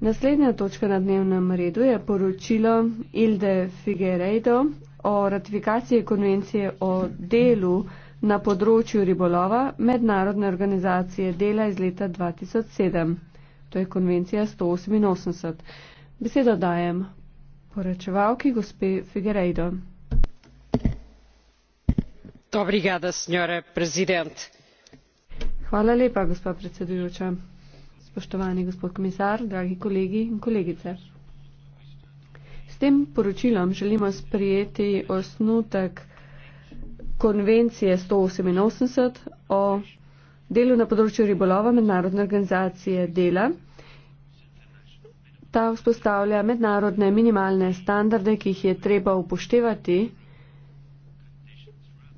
Naslednja točka na dnevnem redu je poročilo Ilde Figueiredo o ratifikaciji konvencije o delu na področju ribolova Mednarodne organizacije dela iz leta 2007. To je konvencija 188. Besedo dajem poročevalki gospe Figueiredo. Hvala lepa, gospa predsedujoča spoštovani gospod komisar, dragi kolegi in kolegice. S tem poročilom želimo sprijeti osnutek konvencije 188 o delu na področju ribolova mednarodne organizacije dela. Ta vzpostavlja mednarodne minimalne standarde, ki jih je treba upoštevati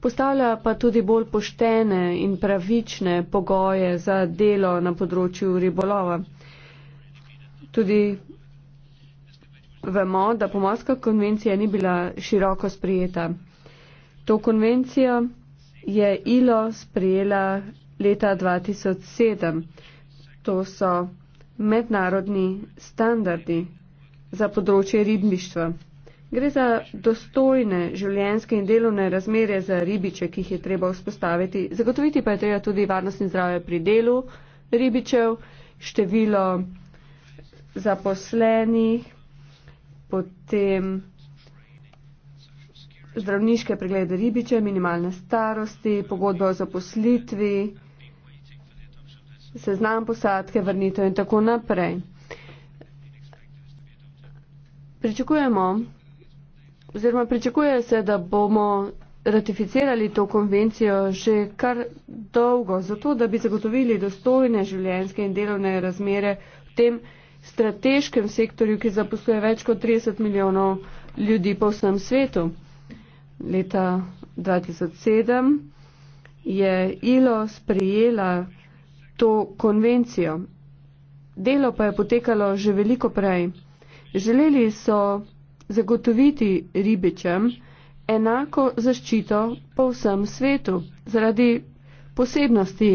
postavlja pa tudi bolj poštene in pravične pogoje za delo na področju ribolova. Tudi vemo, da pomorska konvencija ni bila široko sprijeta. To konvencijo je ILO sprijela leta 2007. To so mednarodni standardi za področje ribištva. Gre za dostojne življenjske in delovne razmere za ribiče, ki jih je treba vzpostaviti. Zagotoviti pa je treba tudi varnost in zdravje pri delu ribičev, število zaposlenih, potem zdravniške preglede ribiče, minimalne starosti, pogodbe o zaposlitvi, seznam posadke, vrnitev in tako naprej. Pričakujemo, oziroma pričakuje se, da bomo ratificirali to konvencijo že kar dolgo, zato da bi zagotovili dostojne življenjske in delovne razmere v tem strateškem sektorju, ki zaposluje več kot 30 milijonov ljudi po vsem svetu. Leta 2007 je ILO sprijela to konvencijo. Delo pa je potekalo že veliko prej. Želeli so zagotoviti ribičem enako zaščito po vsem svetu zaradi posebnosti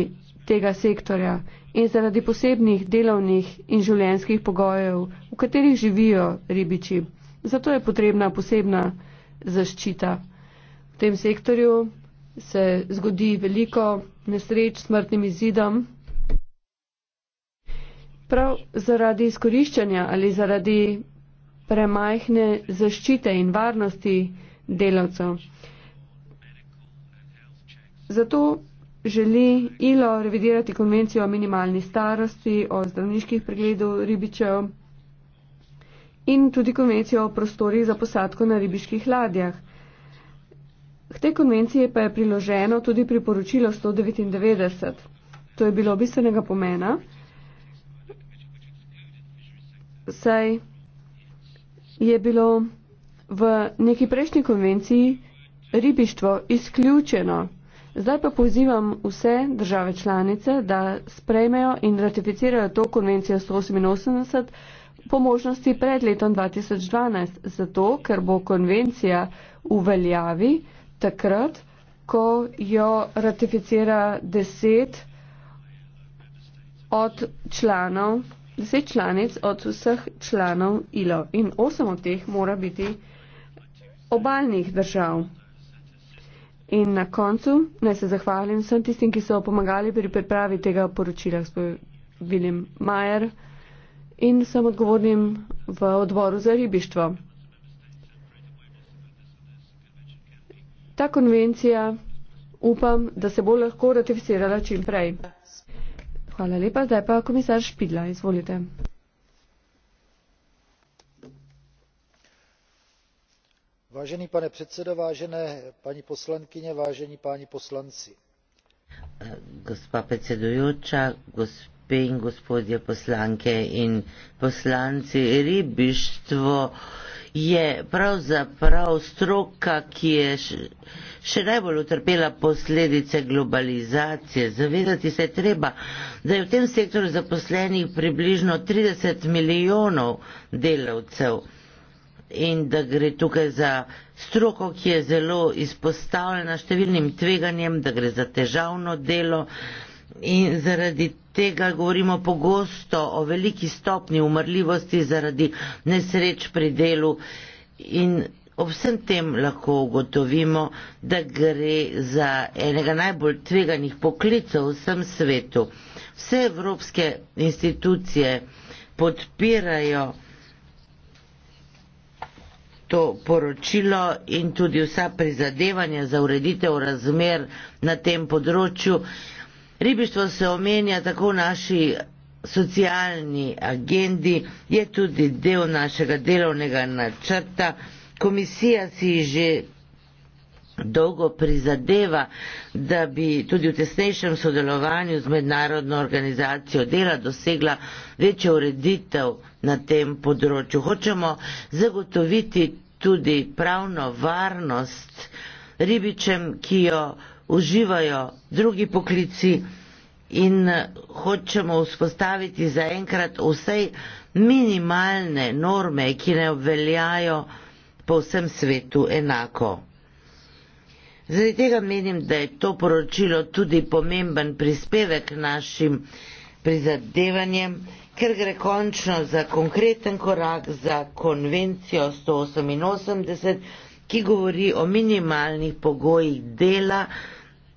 tega sektorja in zaradi posebnih delovnih in življenjskih pogojev, v katerih živijo ribiči. Zato je potrebna posebna zaščita. V tem sektorju se zgodi veliko nesreč s smrtnim izidom. Prav zaradi izkoriščanja ali zaradi premajhne zaščite in varnosti delavcev. Zato želi ILO revidirati konvencijo o minimalni starosti, o zdravniških pregledov ribičev in tudi konvencijo o prostorih za posadko na ribiških ladjah. K tej konvenciji pa je priloženo tudi priporočilo 199. To je bilo bistvenega pomena. Saj je bilo v neki prejšnji konvenciji ribištvo izključeno. Zdaj pa pozivam vse države članice, da sprejmejo in ratificirajo to konvencijo 188 po možnosti pred letom 2012, zato ker bo konvencija v veljavi takrat, ko jo ratificira deset od članov deset članic od vseh članov ILO in osem od teh mora biti obaljnih držav. In na koncu naj se zahvalim vsem tistim, ki so pomagali pri pripravi tega poročila, gospod Viljem Majer in sem odgovornim v odboru za ribištvo. Ta konvencija upam, da se bo lahko ratificirala čim prej. Hvala lepa. Zdaj pa komisar Špidla, izvolite. Vážený pane předsedo, vážené paní poslankyně, vážení páni poslanci. Gospa predsedujoča, gospe in gospodje poslanke in poslanci, ribištvo je pravzaprav stroka, ki je še najbolj utrpela posledice globalizacije. Zavedati se je treba, da je v tem sektorju zaposlenih približno 30 milijonov delavcev in da gre tukaj za stroko, ki je zelo izpostavljena številnim tveganjem, da gre za težavno delo in zaradi tega, tega govorimo pogosto o veliki stopni umrljivosti zaradi nesreč pri delu in ob vsem tem lahko ugotovimo, da gre za enega najbolj tveganih poklicov v vsem svetu. Vse evropske institucije podpirajo to poročilo in tudi vsa prizadevanja za ureditev razmer na tem področju. Ribištvo se omenja tako v naši socialni agendi, je tudi del našega delovnega načrta. Komisija si že dolgo prizadeva, da bi tudi v tesnejšem sodelovanju z mednarodno organizacijo dela dosegla večjo ureditev na tem področju. Hočemo zagotoviti tudi pravno varnost ribičem, ki jo uživajo drugi poklici in eh, hočemo vzpostaviti zaenkrat vsej minimalne norme, ki ne obveljajo po vsem svetu enako. Zdaj tega menim, da je to poročilo tudi pomemben prispevek našim prizadevanjem, ker gre končno za konkreten korak za konvencijo 188, ki govori o minimalnih pogojih dela,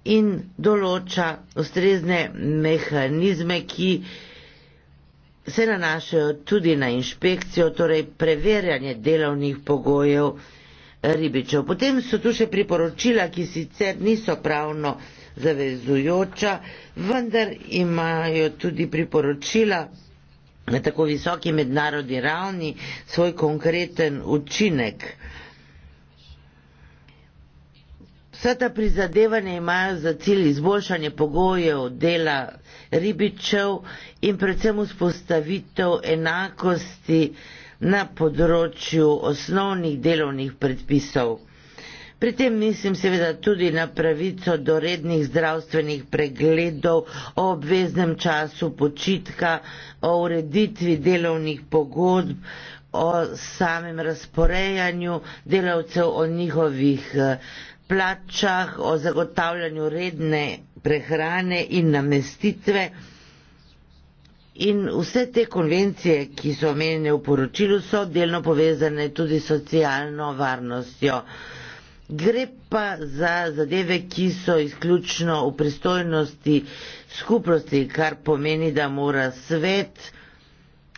in določa ustrezne mehanizme, ki se nanašajo tudi na inšpekcijo, torej preverjanje delovnih pogojev eh, ribičev. Potem so tu še priporočila, ki sicer niso pravno zavezujoča, vendar imajo tudi priporočila na tako visoki mednarodni ravni svoj konkreten učinek. Vsa ta prizadevanja imajo za cilj izboljšanje pogojev dela ribičev in predvsem vzpostavitev enakosti na področju osnovnih delovnih predpisov. Pri tem mislim seveda tudi na pravico do rednih zdravstvenih pregledov, o obveznem času počitka, o ureditvi delovnih pogodb, o samem razporejanju delavcev, o njihovih eh, plačah, o zagotavljanju redne prehrane in namestitve. In vse te konvencije, ki so omenjene v poročilu, so delno povezane tudi s socialno varnostjo. Gre pa za zadeve, ki so izključno v pristojnosti skupnosti, kar pomeni, da mora svet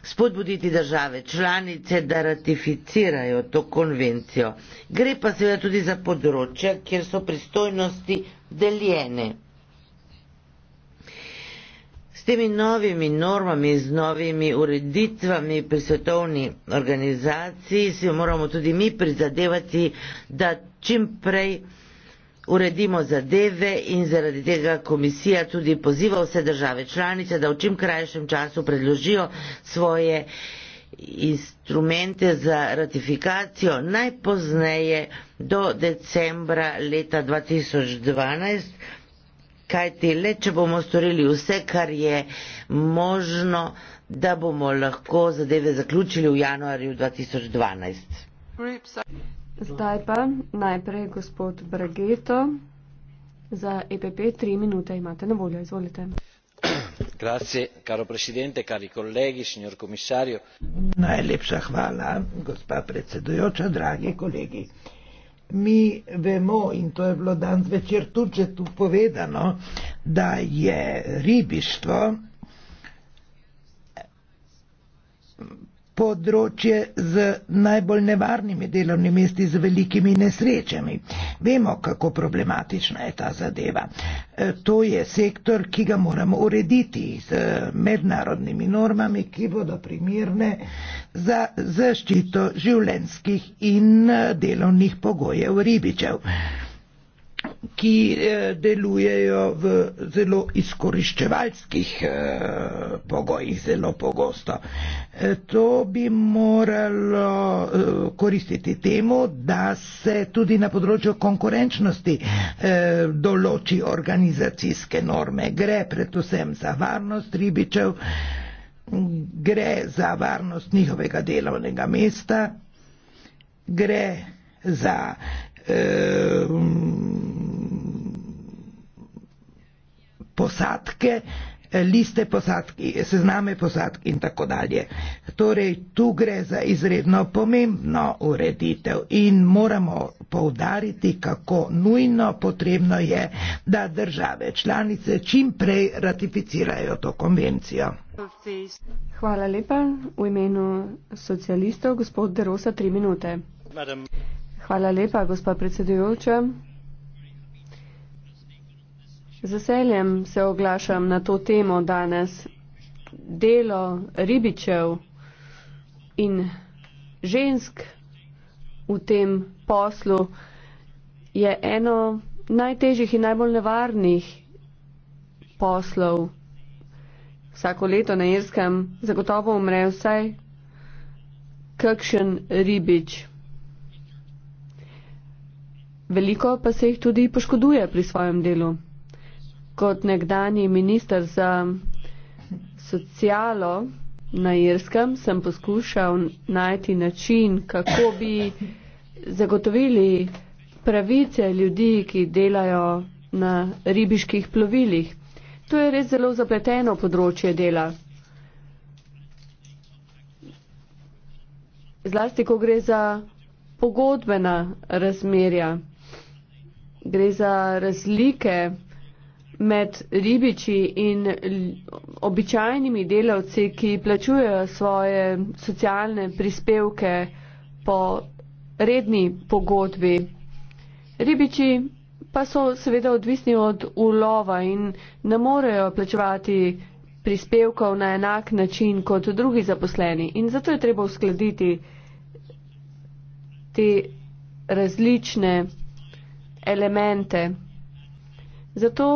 spodbuditi države članice, da ratificirajo to konvencijo. Gre pa seveda tudi za področja, kjer so pristojnosti deljene. S temi novimi normami, z novimi ureditvami pri svetovni organizaciji si moramo tudi mi prizadevati, da čim prej uredimo zadeve in zaradi tega komisija tudi poziva vse države članice, da v čim krajšem času predložijo svoje instrumente za ratifikacijo najpozneje do decembra leta 2012, kajti le, če bomo storili vse, kar je možno, da bomo lahko zadeve zaključili v januarju 2012. Zdaj pa najprej gospod Brageto. Za EPP tri minute imate na voljo. Izvolite. Grazie, caro presidente, cari colleghi, signor commissario. Najlepša hvala, gospa predsedujoča, dragi kolegi. Mi vemo, in to je bilo dan zvečer tudi že tu povedano, da je ribištvo področje z najbolj nevarnimi delovnimi mesti z velikimi nesrečami. Vemo, kako problematična je ta zadeva. E, to je sektor, ki ga moramo urediti z mednarodnimi normami, ki bodo primirne za zaščito življenskih in e, delovnih pogojev ribičev ki eh, delujejo v zelo izkoriščevalskih eh, pogojih, zelo pogosto. Eh, to bi moralo koristiti temu, da se tudi na področju konkurenčnosti določi organizacijske norme. Gre predvsem za varnost ribičev, gre za varnost njihovega delovnega mesta, gre za posadke, eh, liste posadki, eh, sezname posadki in tako dalje. Torej, tu gre za izredno pomembno ureditev in moramo povdariti, kako nujno potrebno je, da države članice čim prej ratificirajo to konvencijo. Hvala lepa. V imenu socialistov, gospod Derosa, tri minute. Madam. Hvala lepa, gospod predsedujoča. Z veseljem se oglašam na to temo danes. Delo ribičev in žensk v tem poslu je eno najtežjih in najbolj nevarnih poslov. Vsako leto na Irskem zagotovo umre vsaj kakšen ribič. Veliko pa se jih tudi poškoduje pri svojem delu kot nekdani minister za socialo na Irskem sem poskušal najti način, kako bi zagotovili pravice ljudi, ki delajo na ribiških plovilih. To je res zelo zapleteno področje dela. Zlasti, ko gre za pogodbena razmerja, gre za razlike med ribiči in običajnimi delavci, ki plačujejo svoje socialne prispevke po redni pogodbi. Ribiči pa so seveda odvisni od ulova in ne morejo plačevati prispevkov na enak način kot drugi zaposleni. In zato je treba uskladiti te različne elemente. Zato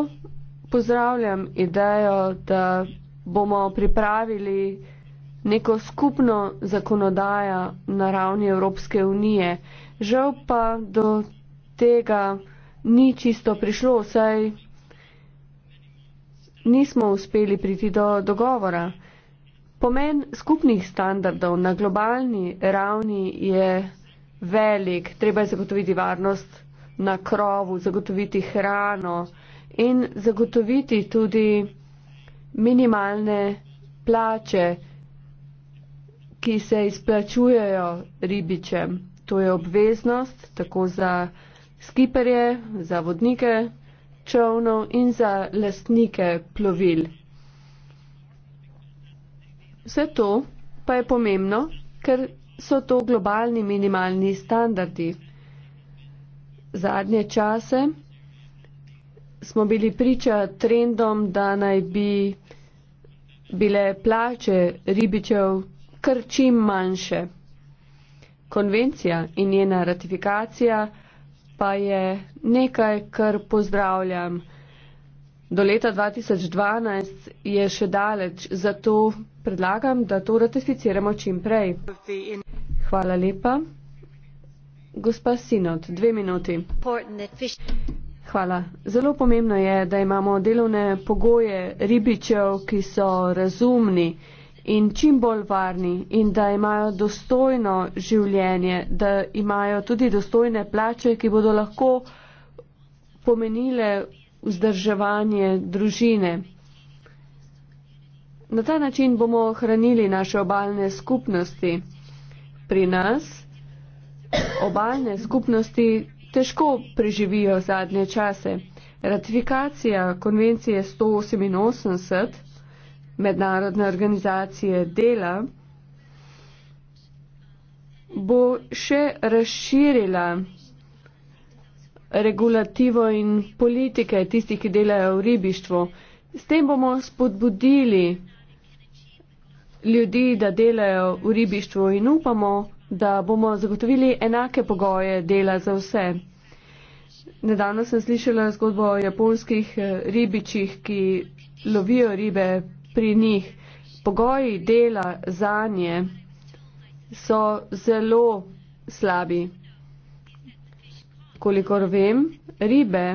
pozdravljam idejo, da bomo pripravili neko skupno zakonodajo na ravni Evropske unije. Žal pa do tega ni čisto prišlo, saj nismo uspeli priti do dogovora. Pomen skupnih standardov na globalni ravni je velik. Treba je zagotoviti varnost na krovu, zagotoviti hrano, in zagotoviti tudi minimalne plače, ki se izplačujejo ribičem. To je obveznost tako za skiperje, za vodnike čovnov in za lastnike plovil. Vse to pa je pomembno, ker so to globalni minimalni standardi. Zadnje čase smo bili priča trendom, da naj bi bile plače ribičev kar čim manjše. Konvencija in njena ratifikacija pa je nekaj, kar pozdravljam. Do leta 2012 je še daleč, zato predlagam, da to ratificiramo čim prej. Hvala lepa. Gospa Sinot, dve minuti. Hvala. Zelo pomembno je, da imamo delovne pogoje ribičev, ki so razumni in čim bolj varni in da imajo dostojno življenje, da imajo tudi dostojne plače, ki bodo lahko pomenile vzdrževanje družine. Na ta način bomo ohranili naše obaljne skupnosti pri nas, obaljne skupnosti, težko preživijo zadnje čase. Ratifikacija konvencije 188 mednarodne organizacije dela bo še razširila regulativo in politike tistih, ki delajo v ribištvu. S tem bomo spodbudili ljudi, da delajo v ribištvu in upamo, da bomo zagotovili enake pogoje dela za vse. Nedavno sem slišala zgodbo o japonskih eh, ribičih, ki lovijo ribe pri njih. Pogoji dela za nje so zelo slabi. Kolikor vem, ribe,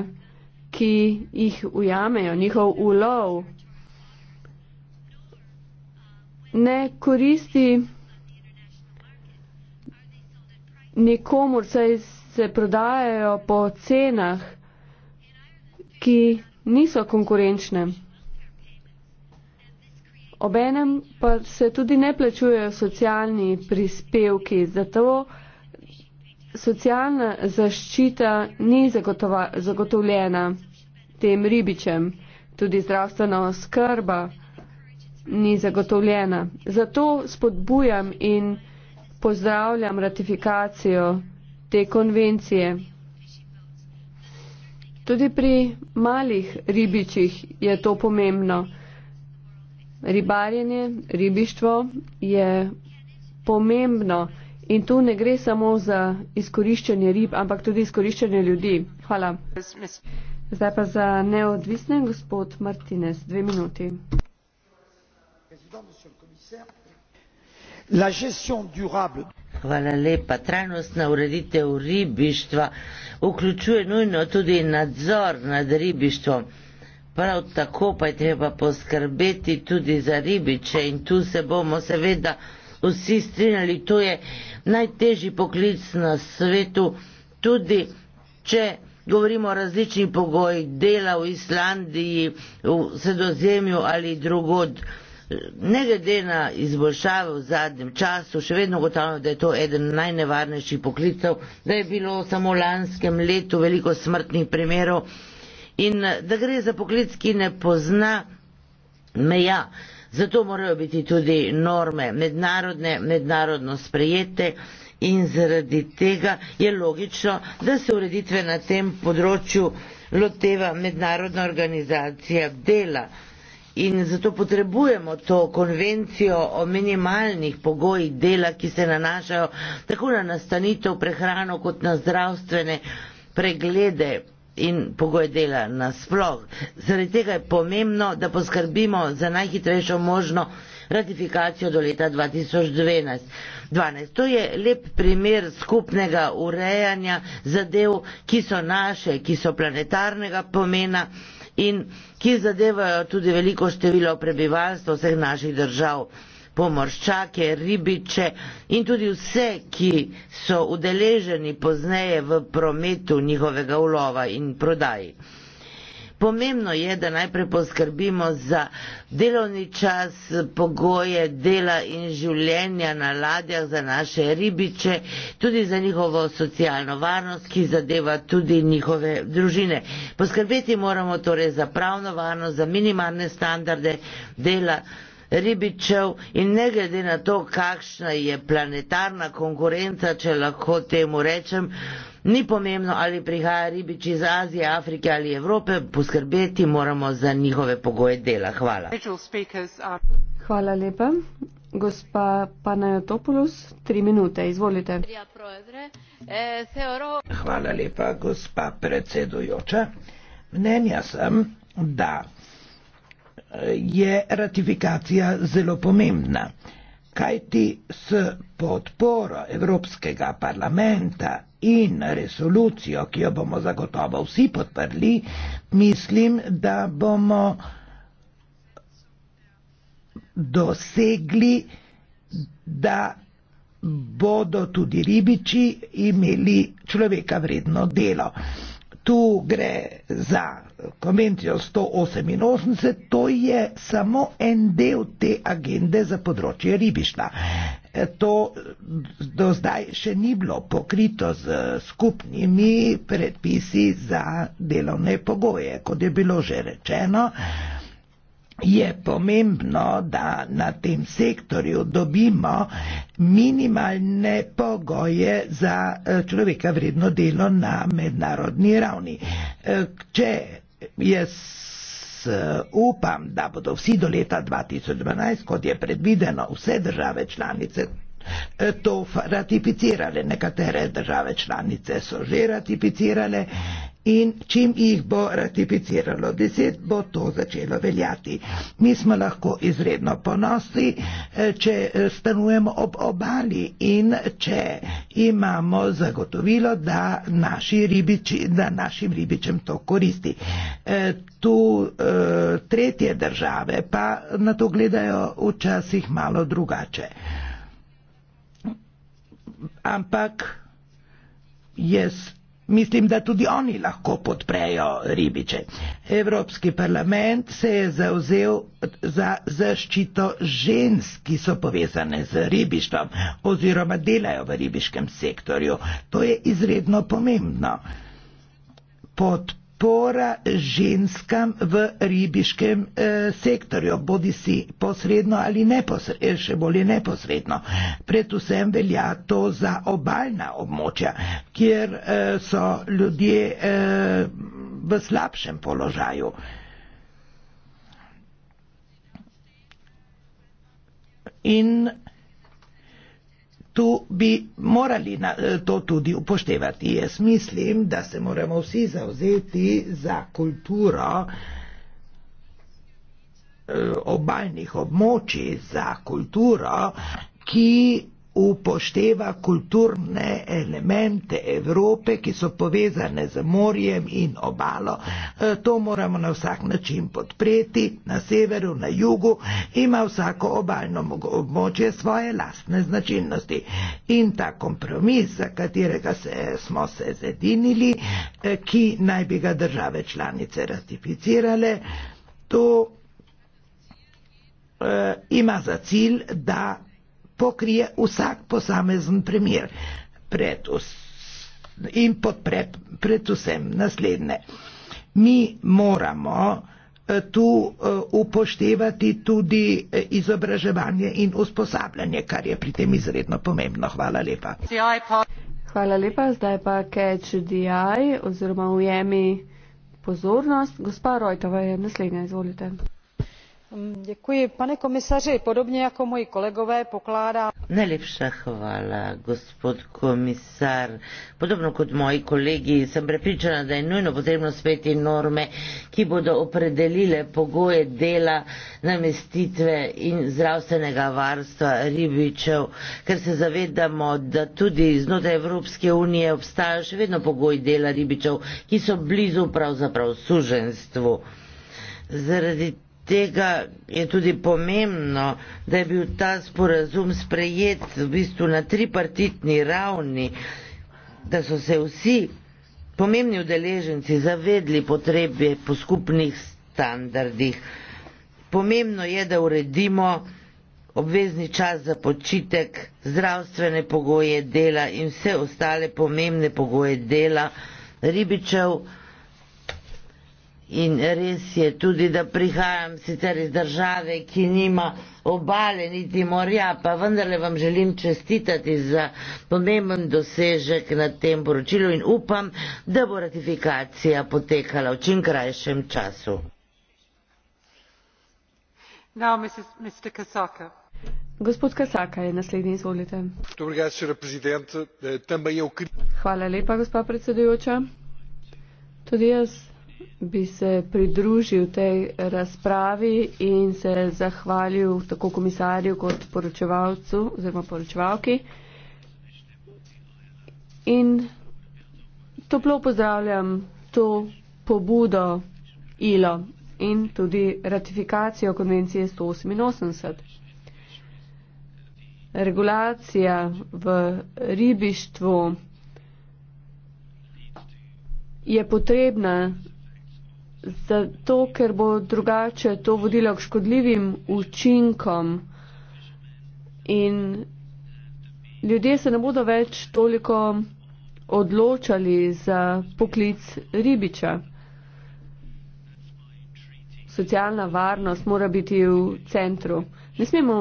ki jih ujamejo, njihov ulov, ne koristi nikomor, saj se prodajajo po cenah, ki niso konkurenčne. Obenem pa se tudi ne plačujejo socialni prispevki, zato socialna zaščita ni zagotovljena tem ribičem, tudi zdravstvena oskrba ni zagotovljena. Zato spodbujam in pozdravljam ratifikacijo te konvencije. Tudi pri malih ribičih je to pomembno. Ribarjenje, ribištvo je pomembno in tu ne gre samo za izkoriščanje rib, ampak tudi izkoriščanje ljudi. Hvala. Zdaj pa za neodvisne gospod Martinez. Dve minuti la gestion durable. Hvala lepa. Trajnostna ureditev ribištva vključuje nujno tudi nadzor nad ribištvom. Prav tako pa je treba poskrbeti tudi za ribiče in tu se bomo seveda vsi strinjali, to je najtežji poklic na svetu, tudi če govorimo o različnih pogojih dela v Islandiji, v sredozemju ali drugod ne glede na izboljšave v zadnjem času, še vedno ugotavljamo, da je to eden najnevarnejših poklicev, da je bilo samo v lanskem letu veliko smrtnih primerov in da gre za poklic, ki ne pozna meja. Zato morajo biti tudi norme mednarodne, mednarodno sprejete in zaradi tega je logično, da se ureditve na tem področju loteva mednarodna organizacija dela in zato potrebujemo to konvencijo o minimalnih pogojih dela, ki se nanašajo tako na nastanitev, prehrano kot na zdravstvene preglede in pogoje dela nasploh. Zaradi tega je pomembno, da poskrbimo za najhitrejšo možno ratifikacijo do leta 2012. To je lep primer skupnega urejanja zadev, ki so naše, ki so planetarnega pomena in ki zadevajo tudi veliko število prebivalstva vseh naših držav, pomorščake, ribiče in tudi vse, ki so udeleženi pozneje v prometu njihovega ulova in prodaji. Pomembno je, da najprej poskrbimo za delovni čas, pogoje dela in življenja na ladjah za naše ribiče, tudi za njihovo socialno varnost, ki zadeva tudi njihove družine. Poskrbeti moramo torej za pravno varnost, za minimalne standarde dela ribičev in ne glede na to, kakšna je planetarna konkurenca, če lahko temu rečem, Ni pomembno, ali prihaja ribič iz Azije, Afrike ali Evrope, poskrbeti moramo za njihove pogoje dela. Hvala. Hvala lepa. Gospa Panajotopoulos, tri minute, izvolite. Hvala lepa, gospa predsedujoča. Mnenja sem, da eh, je ratifikacija zelo pomembna. Kajti s podporo Evropskega parlamenta in resolucijo, ki jo bomo zagotovo vsi podprli, mislim, da bomo dosegli, da bodo tudi ribiči imeli človeka vredno delo tu gre za konvencijo 188, to je samo en del te agende za področje ribištva. E, to do zdaj še ni bilo pokrito z skupnimi predpisi za delovne pogoje, kot je bilo že rečeno je pomembno, da na tem sektorju dobimo minimalne pogoje za eh, človeka vredno delo na mednarodni ravni. Eh, če jaz eh, upam, da bodo vsi do leta 2012, kot je predvideno, vse države članice to ratificirale, nekatere države članice so že ratificirale, in čim jih bo ratificiralo deset, bo to začelo veljati. Mi smo lahko izredno ponosni, eh, če eh, stanujemo ob obali in če imamo zagotovilo, da, naši ribiči, da našim ribičem to koristi. Eh, tu tretje države pa na to gledajo včasih malo drugače. Ampak jaz Mislim, da tudi oni lahko podprejo ribiče. Evropski parlament se je zauzel za zaščito žensk, ki so povezane z ribištvom oziroma delajo v ribiškem sektorju. To je izredno pomembno. Podprejo podpora ženskam v ribiškem eh, sektorju, bodi si posredno ali neposredno, eh, še bolje neposredno. Predvsem velja to za obaljna območja, kjer eh, so ljudje eh, v slabšem položaju. In Tu bi morali na, eh, to tudi upoštevati. Jaz mislim, da se moramo vsi zauzeti za kulturo eh, obaljnih območij, za kulturo, ki upošteva kulturne elemente Evrope, ki so povezane z morjem in obalo. E, to moramo na vsak način podpreti, na severu, na jugu ima vsako obaljno območje svoje lastne značilnosti. In ta kompromis, za katerega se, smo se zedinili, e, ki naj bi ga države članice ratificirale, to eh, ima za cilj, da pokrije vsak posamezen primer pred us, in podpred predvsem naslednje. Mi moramo eh, tu eh, upoštevati tudi eh, izobraževanje in usposabljanje, kar je pri tem izredno pomembno. Hvala lepa. Hvala lepa. Zdaj pa catch the eye oziroma ujemi pozornost. Gospa Rojtova je naslednja, izvolite. Mm, pane komisaři podobně jako moji kolegové pokládám. najlepša hvala gospod komisar podobno kot moji kolegi sem prepričana da je nujno potrebno sprejeti norme ki bodo opredelile pogoje dela namestitve in zdravstvenega varstva ribičev ker se zavedamo da tudi znotraj evropske unije obstajajo še vedno pogoji dela ribičev ki so blizu pravzaprav suženjstvu. zaradi tega je tudi pomembno, da je bil ta sporazum sprejet v bistvu na tripartitni ravni, da so se vsi pomembni udeleženci zavedli potrebe po skupnih standardih. Pomembno je, da uredimo obvezni čas za počitek, zdravstvene pogoje dela in vse ostale pomembne pogoje dela ribičev, In res je tudi, da prihajam sicer iz države, ki nima obale niti morja, pa vendarle vam želim čestitati za pomemben dosežek na tem poročilu in upam, da bo ratifikacija potekala v čim krajšem času. Now, Mrs. Gospod Kasaka je naslednji, izvolite. Eh, Hvala lepa, gospa predsedujoča. Tudi jaz bi se pridružil tej razpravi in se zahvalil tako komisarju kot poročevalcu oziroma poročevalki. In toplo pozdravljam to pobudo ILO in tudi ratifikacijo konvencije 188. Regulacija v ribištvu je potrebna zato, ker bo drugače to vodilo k škodljivim učinkom in ljudje se ne bodo več toliko odločali za poklic ribiča. Socialna varnost mora biti v centru. Ne smemo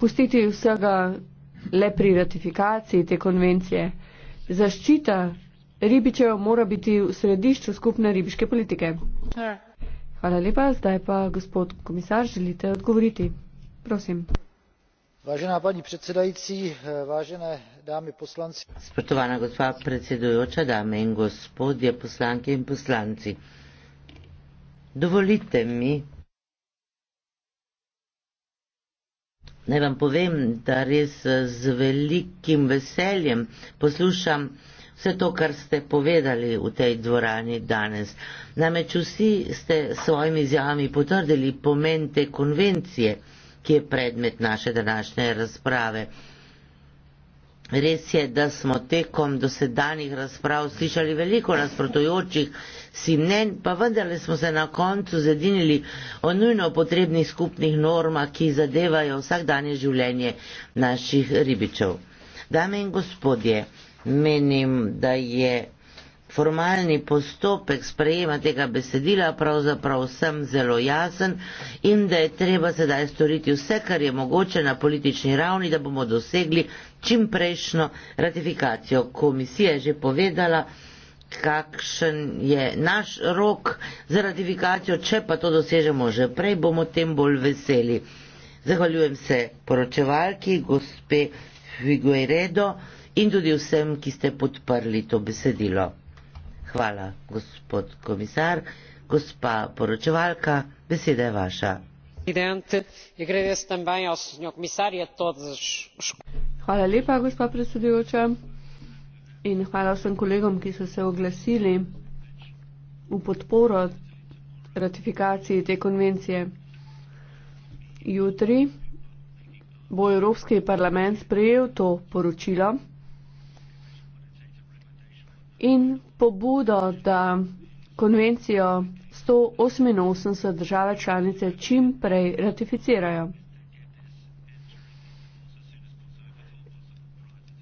pustiti vsega le pri ratifikaciji te konvencije. Zaščita Ribičev mora biti v središču skupne ribiške politike. Hvala lepa, zdaj pa gospod komisar, želite odgovoriti? Prosim. Vážená pani predsedajúci, vážené dámy poslanci. Spoštovaná gospa predsedujúca, dámy in gospodie, poslanky in poslanci. Dovolite mi, naj vám povem, da res s velikým veseljem poslušam vse to, kar ste povedali v tej dvorani danes. Namreč vsi ste svojimi izjavami potrdili pomen te konvencije, ki je predmet naše današnje razprave. Res je, da smo tekom dosedanjih razprav slišali veliko nasprotujočih si mnen, pa vendarle smo se na koncu zedinili o nujno potrebnih skupnih normah, ki zadevajo vsakdanje življenje naših ribičev. Dame in gospodje, menim, da je formalni postopek sprejema tega besedila pravzaprav vsem zelo jasen in da je treba sedaj storiti vse, kar je mogoče na politični ravni, da bomo dosegli čim prejšnjo ratifikacijo. Komisija je že povedala, kakšen je naš rok za ratifikacijo, če pa to dosežemo že prej, bomo tem bolj veseli. Zahvaljujem se poročevalki, gospe Figueredo in tudi vsem, ki ste podprli to besedilo. Hvala, gospod komisar. Gospa poročevalka, beseda je vaša. Hvala lepa, gospa predsedujoča. In hvala vsem kolegom, ki so se oglasili v podporo ratifikaciji te konvencije. Jutri bo Evropski parlament sprejel to poročilo in pobudo, da konvencijo 188 države članice čim prej ratificirajo.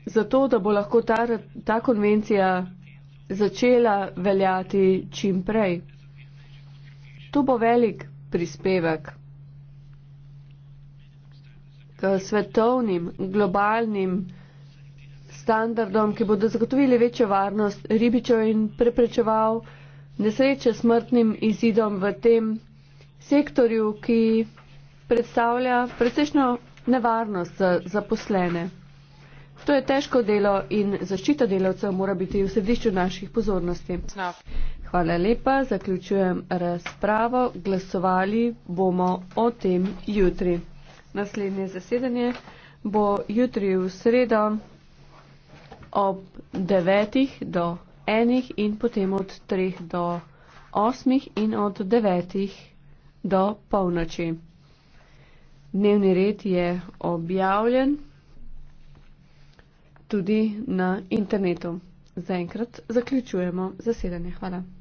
Zato, da bo lahko ta, ta konvencija začela veljati čim prej. To bo velik prispevek k svetovnim, globalnim standardom, ki bodo zagotovili večjo varnost ribičev in preprečeval nesreče smrtnim izidom v tem sektorju, ki predstavlja presečno nevarnost za zaposlene. To je težko delo in zaščita delavcev mora biti v središču naših pozornosti. Hvala lepa, zaključujem razpravo. Glasovali bomo o tem jutri. Naslednje zasedanje bo jutri v sredo ob devetih do enih in potem od treh do osmih in od devetih do polnoči. Dnevni red je objavljen tudi na internetu. Zaenkrat zaključujemo zasedanje. Hvala.